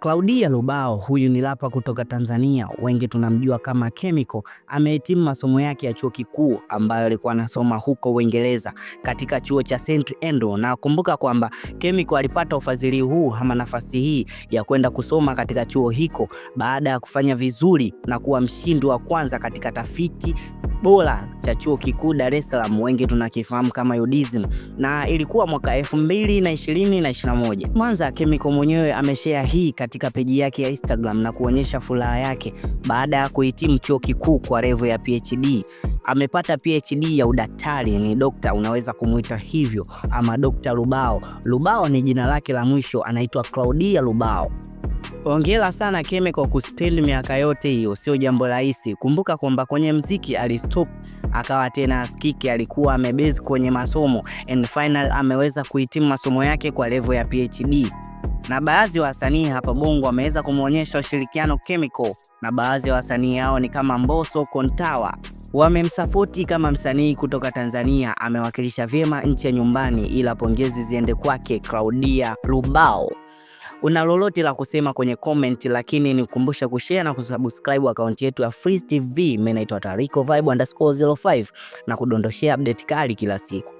Claudia Lubao huyu ni rapa kutoka Tanzania, wengi tunamjua kama Chemical. Amehitimu masomo yake ya chuo kikuu ambayo alikuwa anasoma huko Uingereza katika chuo cha St Andrew, na kumbuka kwamba Chemical alipata ufadhili huu ama nafasi hii ya kwenda kusoma katika chuo hiko baada ya kufanya vizuri na kuwa mshindi wa kwanza katika tafiti bora cha chuo kikuu Dar es Salaam, wengi tunakifahamu kama UDSM, na ilikuwa mwaka 2020 na 2021. Mwanza Chemical mwenyewe ameshare hii katika peji yake ya Instagram na kuonyesha furaha yake baada ya kuhitimu chuo kikuu kwa level ya PhD. Amepata PhD ya udaktari, ni dokta, unaweza kumwita hivyo ama Dokta lubao lubao ni jina lake la mwisho, anaitwa Claudia lubao Hongera sana Keme kwa kuspend miaka yote hiyo, sio jambo rahisi. Kumbuka kwamba kwenye mziki alistop akawa tena askiki, alikuwa amebezi kwenye masomo and final ameweza kuhitimu masomo yake kwa level ya PhD na baadhi ya wasanii hapa Bongo wameweza kumwonyesha ushirikiano Chemical, na baadhi ya wasanii hao ni kama Mbosso, Kontawa wamemsapoti kama msanii kutoka Tanzania, amewakilisha vyema nchi ya nyumbani, ila pongezi ziende kwake Claudia Rubao. Una lolote la kusema kwenye comment, lakini nikukumbusha kushare na kusubscribe akaunti yetu ya Freeze TV. Mimi naitwa Tariko Vibe_05 na kudondoshea update kali kila siku.